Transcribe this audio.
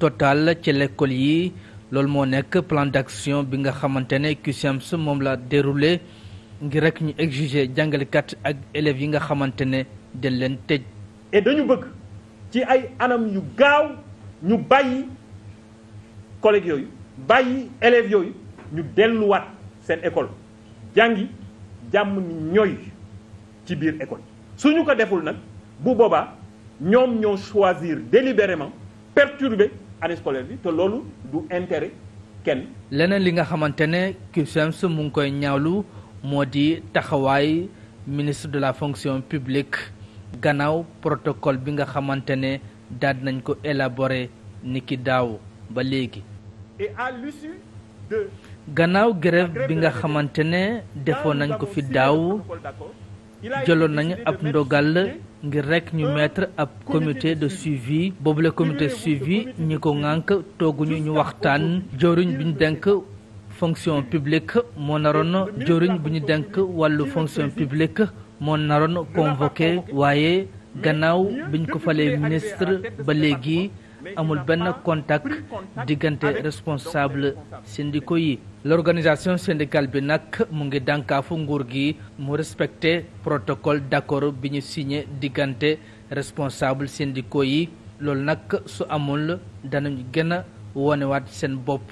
total ci l'école yi loolu moo nekk plan d'action bi nga xamante ne CUSEMS moom la déroulé ngir rek ñu exiger jàngalekat ak élèves yi nga xamante ne dañ leen tëj. et dañu bëgg ci ay anam yu gaaw ñu bàyyi collègues yooyu bàyyi élèves yooyu ñu delluwaat seen école jàngi jàmm ni ñooy ci biir école su ñu ko deful nag bu boobaa ñoom ñoo choisir délibérément perturber. année scolaire loolu du intérêt leneen li nga xamante ne CUSEMS e mu ngi koy ñaawlu moo di taxawaay ministre de la fonction publique gannaaw protocole bi nga xamante ne daal nañ ko élaborer ni ki daaw ba léegi. et gannaaw grève bi nga xamante ne defoon nañ ko fi daaw. jëloon nañu ab ndogal ngir rekk ñu mettre ab comité de suivi boobule comité de suivi ñi ko ŋànk tooguñu ñu waxtaan joriñ bi ñu denk fonction publique moo naroon joriñ bu ñu denk wàllu fonction publique moo naroon convoqué waaye gannaaw biñ ko falee ministre ba léegi amul benn contact diggante responsable syndicaux yi l'organisation syndicale bi nag mu ngi dànkaafu nguur gi mu respecte protocole d'accord bi ñu signé diggante responsable syndicaux yi loolu nag su amul danañu gën a wonewaat seen bopp